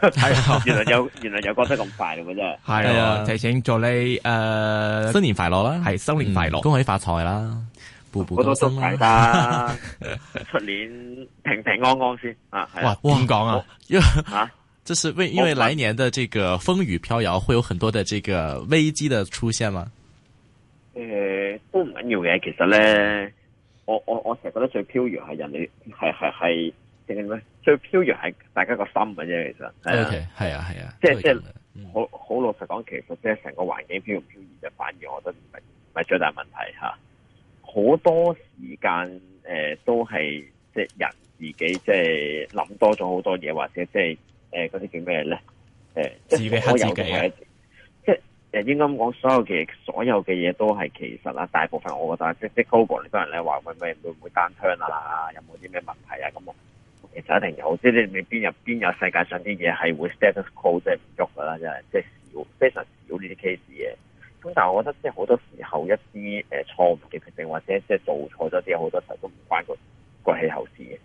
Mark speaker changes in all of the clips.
Speaker 1: 係 原來有 原來有覺 得咁快嘅 是啊！真係係啊，提
Speaker 2: 前祝你誒新年快樂啦，係、嗯、新年快樂，恭喜發財啦、嗯，步步高升啦，
Speaker 1: 出 年平平安安先啊，啊！哇點講啊，吓、啊，這是因為、啊、因為來
Speaker 3: 年的這個風雨飄搖，會有很多的這個危機的出現嗎？誒、
Speaker 1: 呃，都唔緊要嘅，其實咧，我我我成日覺得最飄搖係人哋，係係係正咩？是是是正對飄移係大家個心嘅啫，其實係、okay, 嗯、啊，係啊，即係即係好好老實講，其實即係成個環境飄唔飄移就反而我覺得唔係唔係最大問題吓。好多時間誒、呃、都係即係人自己即係諗多咗好多嘢，或者、呃那些什麼東西呃、即係誒嗰啲叫咩咧？誒，自欺欺人啊！即係誒，應該咁講，所有嘅所有嘅嘢都係其實啦。大部分我覺得即係啲高博啲人咧話，會唔會會唔會單槍啊？有冇啲咩問題啊？咁一定有，即係你邊入邊有世界上啲嘢係會 status quo 即係唔喐噶啦，即係即係少非常少呢啲 case 嘅。咁但係我覺得即係好多時候一啲誒錯誤嘅決定或者即係做錯咗啲好多時候都唔關個個氣候事嘅。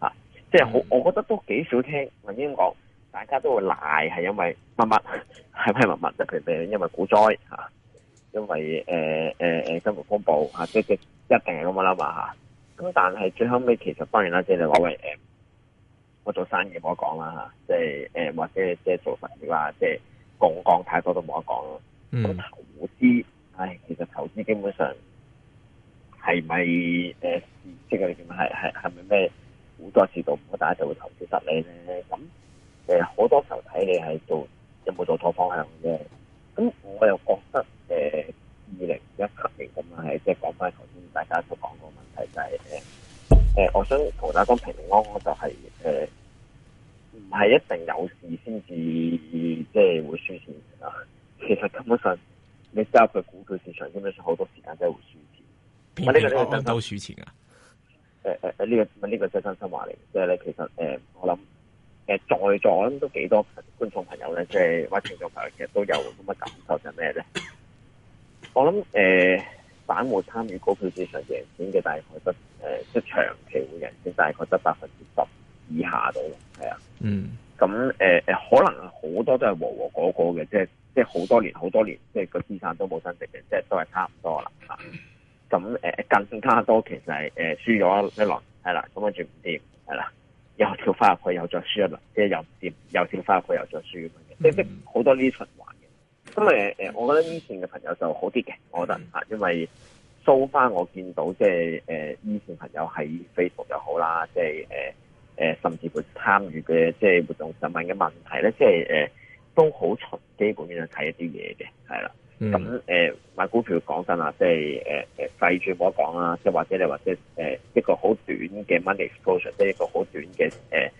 Speaker 1: 吓、啊，即係好，我覺得都幾少聽。文英講，大家都會賴係因為乜乜，係咪乜乜？譬如因為股災吓、啊，因為誒誒誒金融風暴、啊、即一定係咁噶啦嘛吓。咁、啊啊、但係最,最後尾，其實當然啦，即係話喂誒。喂呃做生意冇得講啦吓，即係誒或者即係做實業，即係講講太多都冇得講咯。咁、嗯、投資，唉，其實投資基本上係咪誒，即係點係係係咪咩好多次都唔好，大家就會投資失利咧？咁誒，好多時候睇你喺做有冇做錯方向啫。咁我又覺得誒，二零一七年咁樣，係即係講翻頭先大家所講個問題就係、是、誒，誒、呃，我想同大家講平平安安就係、是、誒。呃唔係一定有事先至，即係會輸錢啊！其實根本上，你揸佢股票市場，根本上好多時間真係會輸錢。邊個輸、就是、錢啊？誒誒誒、呢、呃這個呢、呃這個真、呃這個、真心話嚟嘅，即係咧，其實誒、呃，我諗誒、呃，在座我諗都幾多觀眾朋友咧，即係或者聽眾朋友，其實都有咁嘅感受，就係咩咧？我諗誒，散戶參與股票市場贏錢嘅大概得誒、呃，即係長期會贏錢，大概得百分之十。以下到，係啊，嗯，咁誒誒，可能好多都係和和嗰嗰嘅，即係即係好多年，好多年，即係個資產都冇增值嘅，即、就、係、是、都係差唔多啦，啊，咁、嗯、誒、嗯嗯、更加多其實係誒輸咗一一輪，係啦、啊，咁跟住唔掂，係啦，又跳翻入去，又再輸一輪、就是就是，即係又唔掂，又跳翻入去，又再輸咁嘅，即係即好多呢啲循環嘅。咁誒誒，我覺得呢邊嘅朋友就好啲嘅，我得吓，因為收、so、翻我見到即係誒以前朋友喺 Facebook 又好啦，即係誒。呃誒，甚至乎參與嘅即係活動上面嘅問題咧，即係誒都好從基本面去睇一啲嘢嘅，係、嗯、啦。咁誒買股票講真啦，即係誒誒細轉冇得講啦，即係或者你或者誒一個好短嘅 money exposure，即係一個好短嘅誒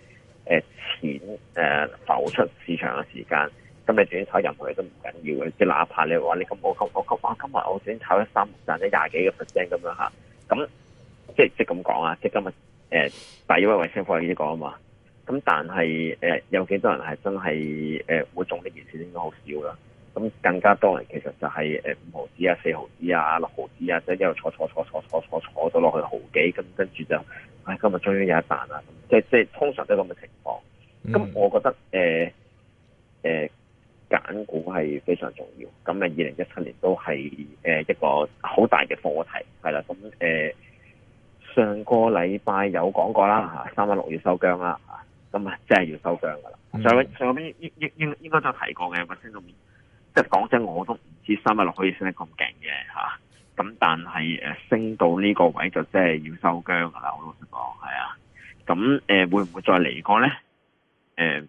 Speaker 1: 誒錢誒浮出市場嘅時間，咁你主要炒任何嘢都唔緊要嘅，即係哪怕你話你咁我今我今我今日我先炒一，考一考三賺咗廿幾個 percent 咁樣嚇，咁即係即係咁講啊，即係今日。誒、呃，第一位衛星科技呢個啊嘛，咁但係誒、呃，有幾多人係真係誒、呃、會中呢件事，應該好少啦。咁更加多人其實就係誒五毫子啊、四毫子啊、六毫子啊，即、就、係、是、一路坐坐坐坐坐坐坐咗落去毫幾，咁跟住就，唉、哎，今日終於有一彈啦。即係即係通常都咁嘅情況。咁、嗯、我覺得誒誒揀股係非常重要。咁誒，二零一七年都係誒一個好大嘅課題，係啦。咁、呃、誒。上個禮拜有講過啦，嚇三一六要收姜啦，嚇咁啊，即係要收姜噶啦。上上邊應應應該都有提過嘅，麥先生，即係講真，我都唔知三一六可以升得咁勁嘅嚇。咁、啊、但係誒升到呢個位就真係要收姜噶啦，我老實講係啊。咁誒、呃、會唔會再嚟過咧？誒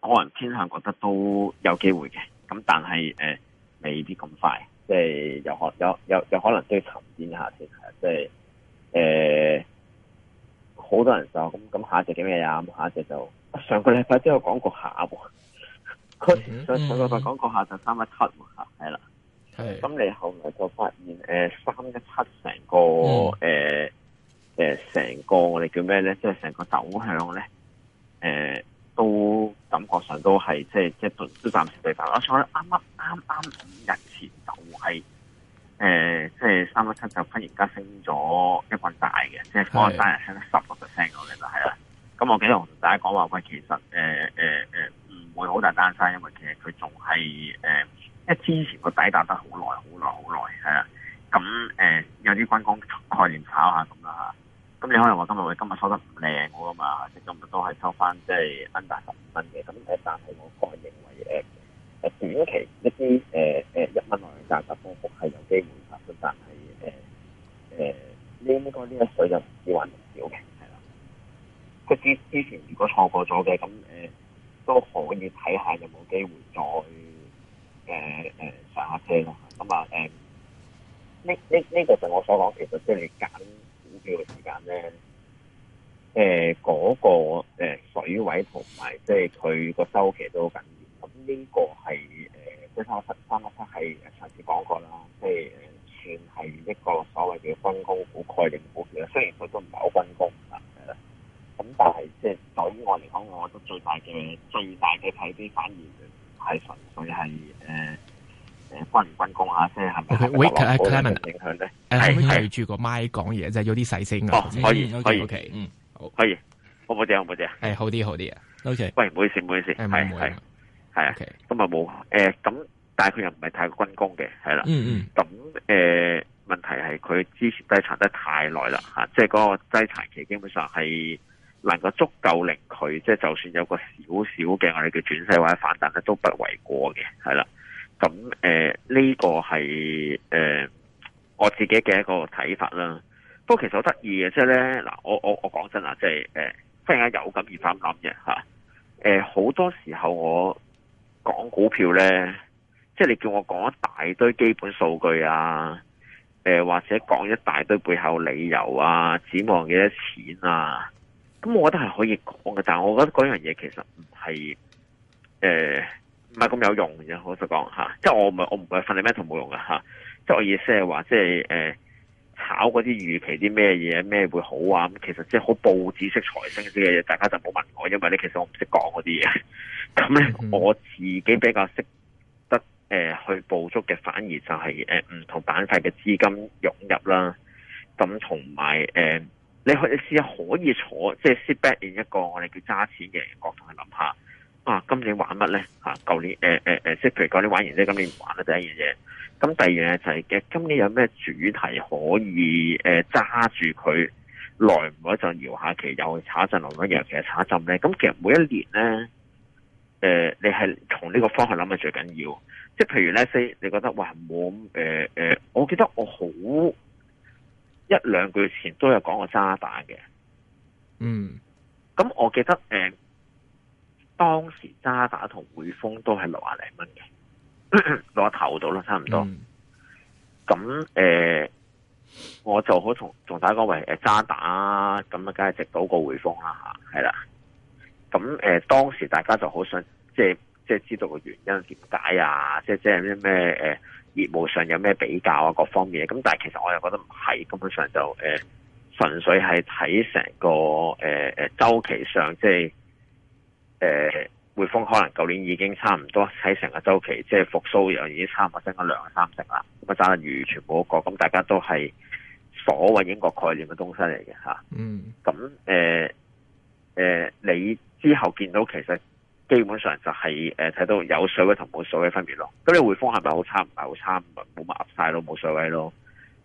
Speaker 1: 個人偏向覺得都有機會嘅，咁但係誒、呃、未必咁快，即係又可有有有，有可能都要沉澱一下先，即、就、係、是。好多人就咁咁，下一隻叫咩呀？下一隻就上個禮拜都有講過下喎，佢、mm、上 -hmm. 上個禮拜講過下就三一七喎嚇，係啦。咁你後來就發現誒三一七成個誒誒成個我哋叫咩咧？即係成個走向咧誒、呃，都感覺上都係即係即係都暫時未發。而且啱啱啱啱五日前就係。誒、呃，即係三七七就忽然間升咗一份大嘅，即係嗰單人升咗十個 percent 咁嘅就係啦。咁我幾度同大家講話喂，其實誒誒誒唔會好大單身，因為其實佢仲係誒，因為之前個底打得好耐好耐好耐係啦。咁誒、嗯呃、有啲軍工概念炒一下咁啦，咁你可能話今日會今日收得唔靚好啊嘛？麼多是即今日都係收翻即係分大十五分嘅。咁誒，但係我個人認為誒。短期一啲誒誒一蚊內嘅價格波幅係有機會嘅，但係誒誒應該呢一水就要還少嘅，係啦。佢之前如果錯過咗嘅咁誒都可以睇下有冇機會再、呃呃、上下車咯。咁啊呢呢呢個就我所講，其實即係你揀股票嘅時間咧，嗰、呃嗰個、呃、水位同埋即係佢個周期都好緊。呢、這個係誒、呃，即係三一七，三一七係上次講過啦，即係算係一個所謂嘅軍工股概念股票啦。雖然佢都唔係好軍工嘅，咁但係即係對於我嚟講，我覺得最大嘅最大嘅睇啲反而係純粹係誒誒軍唔軍工、欸可不可以就是、啊？即係係咪？喂，阿 Clayman，影響咧？誒，係
Speaker 2: 住個麥講嘢，即係有啲細聲啊。可以，okay, okay, 可以。O、okay,
Speaker 1: K，、okay, okay. okay. 嗯，好，可以。好唔好？謝啊、欸，好唔好點？謝啊。係好啲，好啲啊。O K，喂，唔好意思，唔好意思。係、欸，係。係，咁啊冇，誒，咁但係佢又唔係太過軍工嘅，係啦，咁誒，問題係佢之前低殘得太耐啦，吓，即係嗰個低殘期基本上係能夠足夠令佢，即係就算有個少少嘅我哋叫轉勢或者反彈咧，都不為過嘅，係啦，咁誒呢個係誒、呃、我自己嘅一個睇法，啦。不過其實好得意嘅，即係咧，嗱，我我我講真啦，即係誒，忽、就是呃、然間有感而返諗嘅吓，誒、呃、好多時候我。講股票呢，即係你叫我講一大堆基本數據啊，誒、呃、或者講一大堆背後理由啊，展望幾多錢啊，咁、嗯、我覺得係可以講嘅，但係我覺得嗰樣嘢其實唔係，誒唔係咁有用嘅，老實講吓、啊，即係我唔係我唔係 fundamental 冇用嘅吓、啊，即係我意思係話即係誒、啊、炒嗰啲預期啲咩嘢咩會好啊，咁其實即係好報紙式彩性啲嘢，大家就冇問我，因為你其實我唔識講嗰啲嘢。咁咧，我自己比較識得誒、呃、去捕捉嘅，反而就係誒唔同板塊嘅資金湧入啦。咁同埋誒，你可以試下可以坐即係 sit back in 一個我哋叫揸錢嘅角度去諗下啊。今年玩乜咧？嚇、啊，舊年誒即係譬如講你玩完即今年唔玩啦。第一樣嘢，咁第二樣嘢就係、是、嘅，今年有咩主題可以誒揸、呃、住佢來唔耐一陣搖下旗，其又炒一陣，另一樣其實炒一陣咧。咁其實每一年咧。誒、呃，你係從呢個方向諗嘅最緊要，即係譬如咧，C，你覺得哇冇誒誒，我記得我好一兩個月前都有講過渣打嘅，嗯，咁我記得誒、呃，當時渣打同匯豐都係六啊零蚊嘅，攞頭到啦，差唔多，咁誒、嗯呃，我就好同同大家講為誒渣打，咁啊，梗係值到個匯豐啦吓，係啦。咁誒，當時大家就好想即係即係知道個原因點解啊？即係即係咩咩誒業務上有咩比較啊？各方面咁，但係其實我又覺得唔係，根本上就誒純粹係睇成個誒誒週期上即係誒匯豐可能舊年已經差唔多睇成個週期即係復蘇又已經差唔多升咗兩三成啦。咁啊渣打全部一個，咁大家都係所謂英國概念嘅東西嚟嘅吓。嗯。咁誒誒你？之後見到其實基本上就係誒睇到有水位同冇水位嘅分別咯。咁你匯豐係咪好差？唔係好差，唔係冇 up 晒咯，冇水位咯。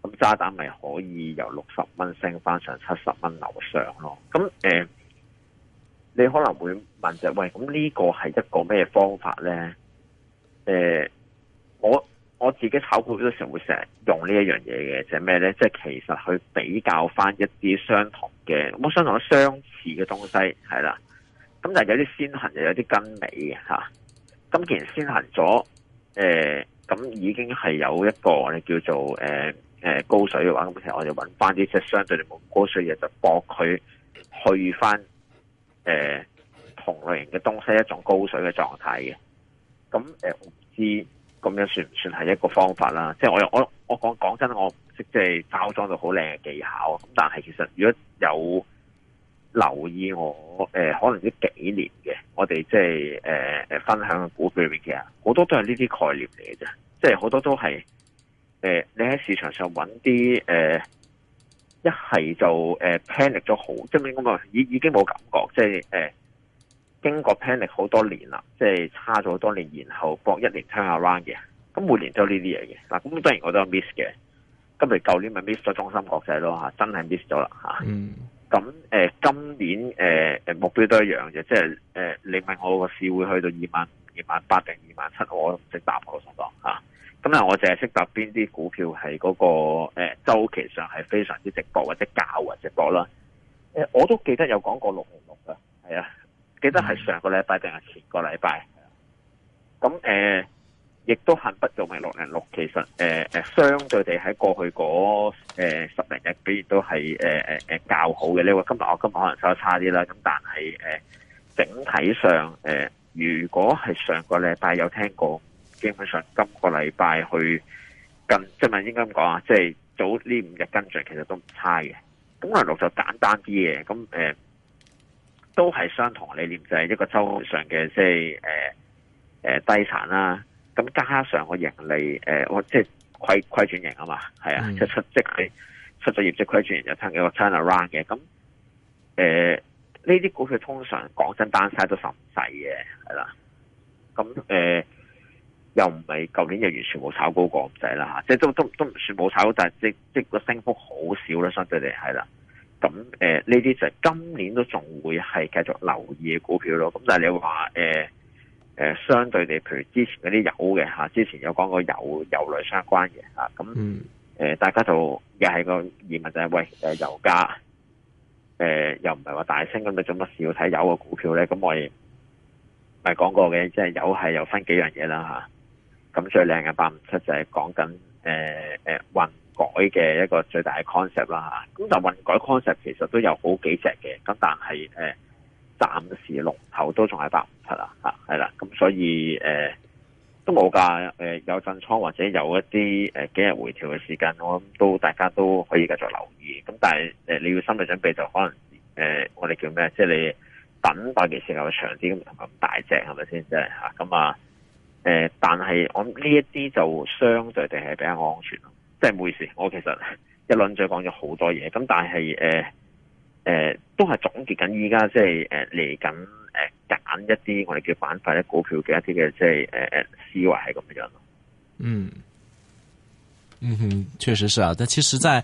Speaker 1: 咁渣打咪可以由六十蚊升翻上七十蚊樓上咯。咁誒、呃，你可能會問就是、喂，咁呢個係一個咩方法咧？誒、呃，我我自己炒股嗰陣時會成日用呢一樣嘢嘅，就咩、是、咧？即、就、係、是、其實去比較翻一啲相同嘅，冇相同相似嘅東西係啦。咁但係有啲先行，又有啲跟尾嘅。咁、啊、既然先行咗，咁、呃、已經係有一個我哋叫做、呃、高水嘅話，咁其實我就搵翻啲即係相對嚟冇高水嘅，就搏佢去翻、呃、同類型嘅東西一種高水嘅狀態嘅。咁、呃、我唔知咁樣算唔算係一個方法啦。即、就、係、是、我我我講講真，我唔識即係、就是、包裝到好靚嘅技巧。咁但係其實如果有留意我、呃、可能呢幾年嘅、就是，我哋即係誒分享嘅股票入邊嘅，好多都係呢啲概念嚟嘅啫，即係好多都係誒、呃，你喺市場上揾啲誒，一係就 panic 咗好，即係咁啊，已已經冇感覺，即係誒、呃，經過 panic 好多年啦，即係差咗好多年，然後搏一年 turn around 嘅，咁每年都有呢啲嘢嘅嗱，咁當然我都有 miss 嘅，譬如舊年咪 miss 咗中心國際咯，真係 miss 咗啦、啊嗯咁、呃、今年、呃、目標都一樣嘅，即係、呃、你問我個市會去到二萬二萬八定二萬七，我都唔識答，我想講啊。咁我淨係識答邊啲股票係嗰、嗰個誒、呃、週期上係非常之值博或者較為值博啦、呃。我都記得有講過六零六嘅，係啊，記得係上個禮拜定係前個禮拜。亦都恨不著咪六零六，其實誒誒、呃、相對地喺過去嗰誒、呃、十零日，比、呃、亦都係誒誒誒較好嘅。呢個今日我今日可能收得差啲啦，咁但係誒、呃、整體上誒、呃，如果係上個禮拜有聽過，基本上今個禮拜去、就是就是、跟即係應該咁講啊，即係早呢五日跟住其實都唔差嘅。六零六就簡單啲嘅，咁誒、呃、都係相同理念，就係、是、一個周上嘅即係誒誒低產啦、啊。咁加上個盈利，我、呃、即係虧虧轉盈啊嘛，係啊，嗯、即出即係出咗業績虧轉盈，就差幾個 turn around 嘅，咁誒呢啲股票通常講真單晒都十唔使嘅，係啦、啊，咁誒、呃、又唔係舊年又完全冇炒高過咁滯啦嚇，即係都都都唔算冇炒高，但係即即個升幅好少啦，相對嚟係啦，咁誒呢啲就係今年都仲會係繼續留意嘅股票咯，咁但係你話誒？呃誒，相對地，譬如之前嗰啲油嘅，吓，之前有講過油油，油類相關嘅，吓，咁誒、嗯呃，大家就又係個疑問就係、是，喂，誒，油價誒，又唔係話大升咁，做乜事要睇油嘅股票咧？咁我亦咪講過嘅，即、就、係、是、油係又分幾樣嘢啦吓。咁、啊、最靚嘅八五七就係講緊誒誒，混、呃呃、改嘅一個最大嘅 concept 啦、啊、吓。咁就混改 concept 其實都有好幾隻嘅，咁但係誒。呃暫時龍頭都仲係八五七啊，嚇係啦，咁所以誒、呃、都冇㗎，誒、呃、有震倉或者有一啲誒、呃、幾日回調嘅時間，我諗都大家都可以繼續留意。咁但係誒、呃、你要心理準備就可能誒、呃、我哋叫咩，即係你等嘅時間會長啲，同埋咁大隻係咪先？即係嚇咁啊誒、呃，但係我呢一啲就相對地係比較安全咯，即係唔好意思，我其實一輪嘴講咗好多嘢，咁但係誒。呃誒、嗯，都係總結緊依家即係誒嚟緊誒揀一啲我哋叫板塊咧股票嘅一啲嘅即係誒誒思維係咁樣咯。嗯嗯哼，
Speaker 3: 確實是啊，但其實，在。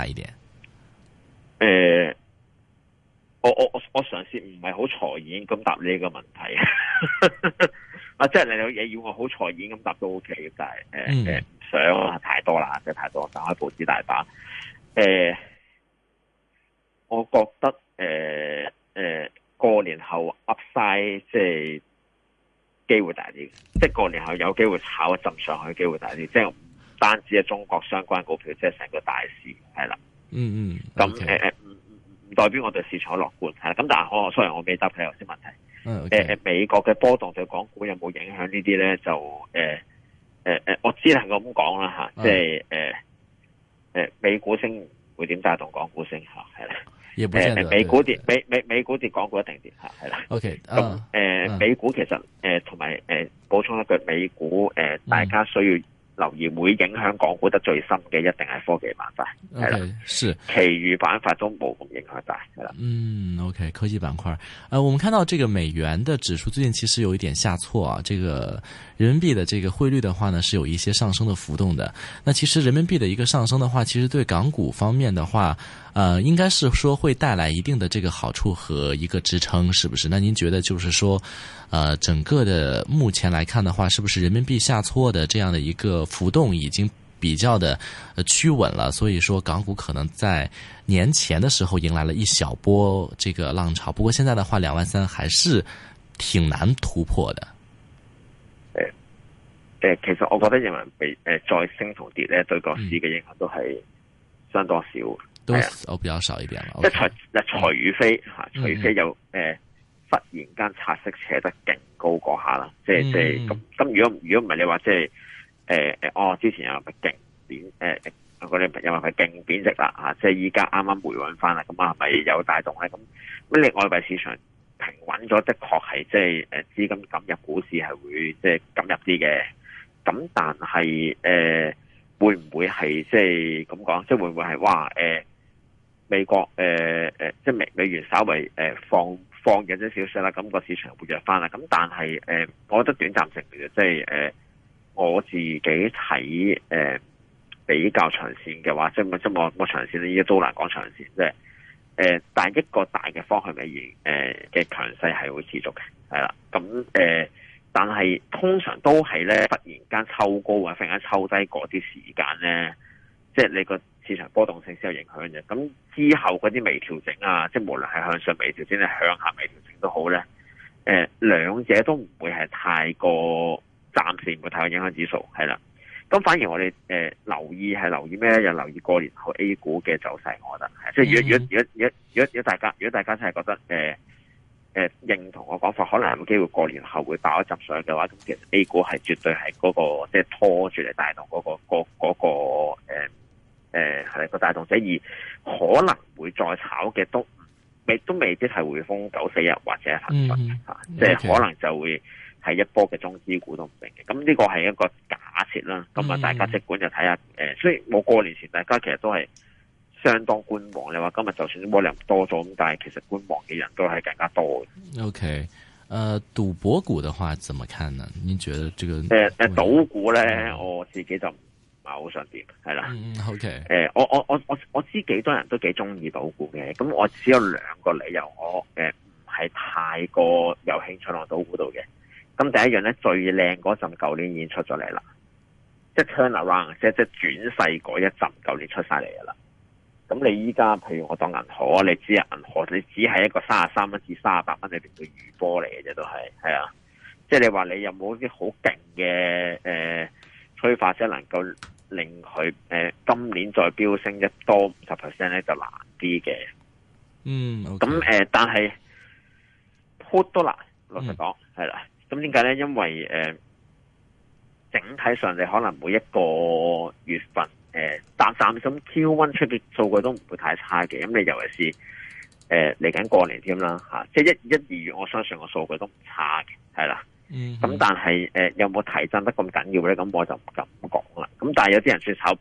Speaker 3: Uh, uh, mm. 大, uh,
Speaker 1: uh, uh, 大一點，誒，我我我我嘗試唔係好財演咁答呢個問題，啊，即係你有嘢要我好財演咁答都 OK 嘅，但係誒誒，唔想太多啦，即係太多，打開報紙大把，誒，我覺得誒誒，過年後 Upside 即係機會大啲，即係過年後有機會炒一陣，上去，機會大啲，即係。單止係中國相關股票，即係成個大市係啦。嗯嗯，咁誒誒，唔、嗯嗯 okay. 代表我哋市場樂觀係啦。咁、嗯、但係我雖然我未答佢有啲問題，誒誒，美國嘅波動對港股有冇影響呢啲咧？就誒誒誒，我只能咁講啦吓，即係誒誒，美股升會點帶動港 股升吓？係啦，美股跌美美美股跌，港股一定跌吓，係、okay. 啦、嗯。O K，咁誒美股其實誒同埋誒補充一句，美股誒大家需要。留意會影響港股得最深嘅，一定係科技板塊，
Speaker 3: 係啦。是，
Speaker 1: 其餘板塊都冇咁影響大，
Speaker 3: 係啦。嗯，OK，科技板塊。誒、呃，我們看到這個美元的指數最近其實有一點下挫啊，這個人民幣的這個匯率的話呢，是有一些上升的浮動的。那其實人民幣的一個上升的話，其實對港股方面的話。呃，應該是說會帶來一定的這個好處和一個支撐，是不是？那您覺得就是說，呃，整個的目前來看的話，是不是人民幣下挫的這樣的一個浮動已經比較的趨穩了？所以說港股可能在年前的時候迎來了一小波這個浪潮，不過現在的話，兩萬三還是挺難突破的，
Speaker 1: 呃呃。其實我覺得人民幣誒、呃、再升同跌呢，對個市的影響都係相當少。嗯
Speaker 3: 我比較少一點啦。即
Speaker 1: 係除，除非吓，除非有誒，忽然間拆息扯得勁高下啦。即係，即係咁。咁如果如果唔係，你話即係誒誒，哦，之前又咪勁貶，誒、呃，我哋話佢勁貶值啦吓、啊。即係依家啱啱回穩翻啦。咁啊，咪有帶動咧？咁你外幣市場平穩咗，的確係即係誒，資金咁入股市係會即係咁入啲嘅。咁但係誒、呃，會唔會係即係咁講？即係會唔會係話誒？呃美國誒、呃、即係美元稍微誒放放緊咗少少啦，咁、那個市場活躍翻啦。咁但係誒、呃，我覺得短暫性嘅係誒，我自己睇誒、呃、比較長線嘅話，即即我長長線咧，依家都難講長線啫。誒、呃，但一個大嘅方向美元誒嘅強勢係會持續嘅，係啦。咁誒、呃，但係通常都係咧，忽然間抽高或者忽然間抽低嗰啲時間咧，即係你個。市場波動性先有影響嘅，咁之後嗰啲微調整啊，即係無論係向上微調整定係向下微調整都好咧、呃，兩者都唔會係太過暫時唔會太過影響指數，係啦。咁反而我哋、呃、留意係留意咩咧？又留意過年後 A 股嘅走勢，我覺得即係、mm -hmm. 如果，如果，如果大家如果大家真係覺得、呃呃、認同我講法，可能有機會過年後會爆一執水嘅話，咁其實 A 股係絕對係嗰、嗰個即係、就是、拖住嚟帶動嗰、嗰個嗰、嗰個、嗰個呃誒、呃，係個大動者，而可能會再炒嘅都，都未都未必係匯豐九四一或者騰訊吓，即係可能就會係一波嘅中資股都唔定嘅。咁、嗯、呢、這個係一個假設啦。咁啊，大家即管就睇下誒。雖然冇過年前大家其實都係相當觀望你話，今日就算啲波多咗咁，但係其實觀望嘅人都係更加多的。
Speaker 3: O K，誒，賭博股嘅話怎麼看呢？你覺得呢個、呃、賭博呢？個
Speaker 1: 誒誒賭股咧，我自己就。唔係好想點係啦。嗯，O K，誒，我我我我我知幾多人都幾中意賭股嘅，咁我只有兩個理由，我誒唔係太過有興趣落賭股度嘅。咁第一樣咧，最靚嗰陣，舊年已經出咗嚟啦，即係 turn around，即係即係轉勢嗰一陣，舊年出晒嚟噶啦。咁你依家，譬如我當銀行啊，你知銀行，你只係一個三十三蚊至三十八蚊裏邊嘅餘波嚟嘅啫，都係係啊。即係你話你有冇啲好勁嘅誒？呃推發者能夠令佢今年再飆升一多五十 percent 咧就難啲嘅、
Speaker 3: 嗯
Speaker 1: 呃，嗯，咁誒，但係 put 都難，老實講係啦。咁點解咧？因為、呃、整體上你可能每一個月份誒，淡淡咁 Q1 出嘅數據都唔會太差嘅。咁你尤其是誒嚟緊過年添啦，嚇，即係一一二月，我相信個數據都唔差嘅，係啦。咁、嗯嗯、但係誒、呃、有冇提振得咁緊要咧？咁我就唔敢講啦。咁但係有啲人算炒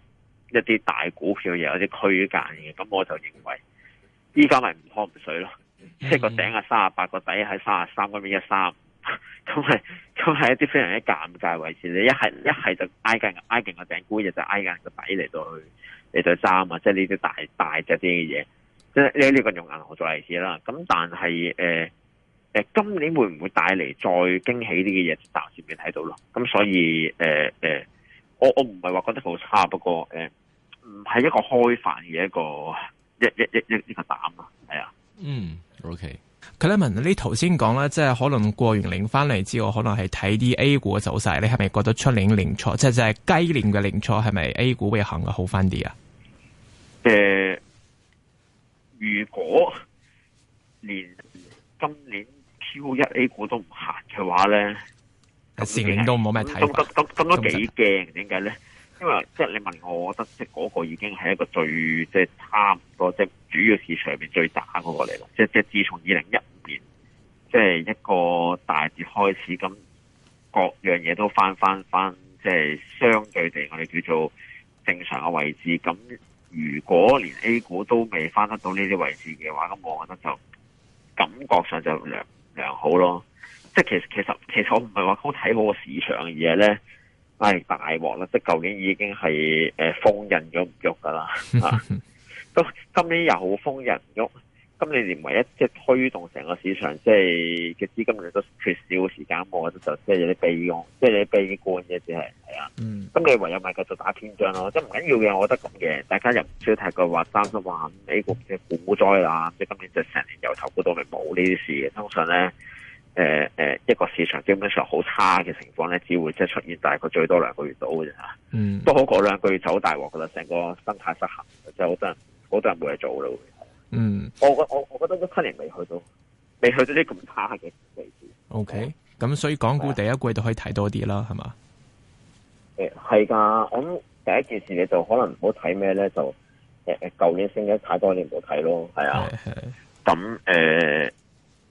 Speaker 1: 一啲大股票又有啲區間嘅，咁我就認為依家咪唔可唔水咯。即係個頂係三十八，個底喺三十三嗰邊嘅三，咁係咁係一啲非常之尷尬位置。你一係一係就挨近挨近個頂估亦就挨近個底嚟到去嚟到三啊，即係呢啲大大隻啲嘅嘢。即係呢、呢個用銀行我做例子啦。咁但係誒。呃誒，今年會唔會帶嚟再驚喜啲嘅嘢？暫時未睇到咯。咁所以，誒、呃、誒、呃，我我唔係話覺得好差，不過，誒、呃，唔係一個開飯嘅一個一一一一一個膽啊。係啊。嗯，OK。
Speaker 2: Clement 你頭先講啦，即係可能過完年翻嚟之後，可能係睇啲 A 股嘅走勢。你係咪覺得出年年初，就是、初，即係即係雞年嘅年初，係咪 A 股會行得好翻啲啊？誒、呃，
Speaker 1: 如果連今年。超一 A 股都唔行嘅話咧，市面都冇咩睇，咁咁都幾驚，點解呢？因為即係你問我，我覺得即係嗰個已經係一個最即係差唔多，即係主要市場入邊最差嗰個嚟啦。即係即係自從二零一五年，即係一個大跌開始，咁各樣嘢都翻翻翻，即係相對地，我哋叫做正常嘅位置。咁如果連 A 股都未翻得到呢啲位置嘅話，咁我覺得就感覺上就良好咯，即係其實其實其實我唔係話好睇好個市場，而係咧唉，大鑊啦，即係究竟已經係誒、呃、封印咗唔喐噶啦吓，都今年又好封印唔喐。咁你連唯一即係推動成個市場，即係嘅資金嚟都缺少時間，我覺得就即係有啲悲觀，即係有啲悲觀嘅，只係係啊。咁你唯有咪繼續打天仗咯，即係唔緊要嘅，我覺得咁嘅。大家又唔需要太過話擔心話美國嘅股災啦，即係今年就成年由頭到尾冇呢啲事嘅。通常咧，誒、呃、誒、呃、一個市場基本上好差嘅情況咧，只會即係出現大概最多兩個月到嘅啫嚇。
Speaker 2: 嗯，
Speaker 1: 好過兩個月走大鑊，覺得成個生態失衡，就好多人好多人冇嘢做咯。嗯，我我我我覺得都七年未去到，未去到啲咁差嘅位置。O K，咁
Speaker 2: 所以港股第一季就可以睇多啲啦，係嘛，
Speaker 1: 啊？誒，係噶，咁我諗第一件事你就可能唔好睇咩咧，就誒誒，舊年升咗太多，你唔好睇咯，係啊。咁誒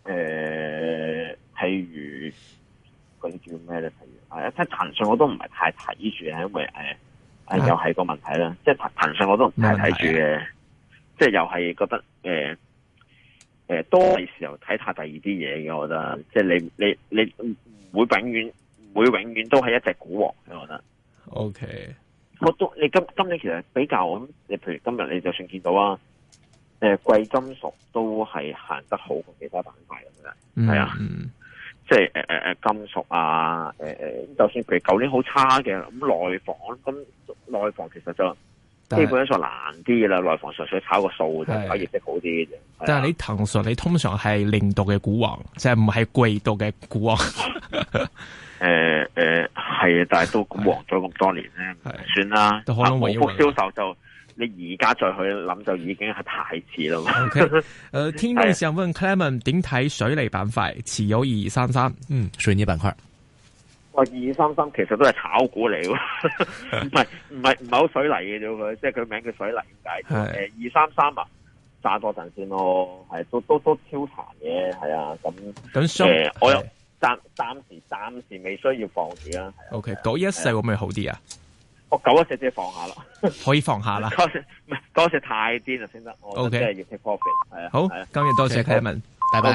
Speaker 1: 誒，譬如嗰啲叫咩咧？譬如啊，即係騰訊，我都唔係太睇住嘅，因為誒誒、呃、又係個問題啦。即係騰訊，我都唔太睇住嘅。即係又係覺得誒誒都係時候睇下第二啲嘢嘅。我覺得即係你你你唔會永遠唔會永遠都係一隻股王嘅，我覺得。
Speaker 2: Okay，
Speaker 1: 我都你今今年其實比較咁，你譬如今日你就算見到啊，誒、呃、貴金屬都係行得好過其他板塊咁樣，係、mm -hmm。啊，即係誒誒誒金屬啊，誒、呃、誒，就算譬如舊年好差嘅咁內房，咁內房其實就。基本上難啲啦，內房純粹炒個數啫，炒業績好啲啫。但係
Speaker 2: 你騰訊，你通常係零度嘅股王，即係唔係季度嘅股王。
Speaker 1: 誒 誒、呃，係、呃，但係都黃咗咁多年咧，算啦。都可啊，重複銷售就你而家再去諗，就已經係太遲啦。O K，誒， 聽眾想
Speaker 2: 問 Clement 點睇水泥板塊，持有二二三三。嗯，水泥
Speaker 1: 板塊。話二三三其實都係炒股嚟，唔係唔係唔係好水泥嘅啫，佢即係佢名叫水泥點解？誒，二三三啊，揸多陣先咯，係都都都超殘嘅，係啊咁。咁、嗯嗯呃、我又暫暫時暫時未需要放住
Speaker 2: 啦。O K，九一四會唔會好啲啊？
Speaker 1: 我九一四即放下啦，
Speaker 2: 可以放下啦。
Speaker 1: 唔係九一四太癲啦，先得。O K，即係 take profit。係啊，好，好今日多謝 Clement。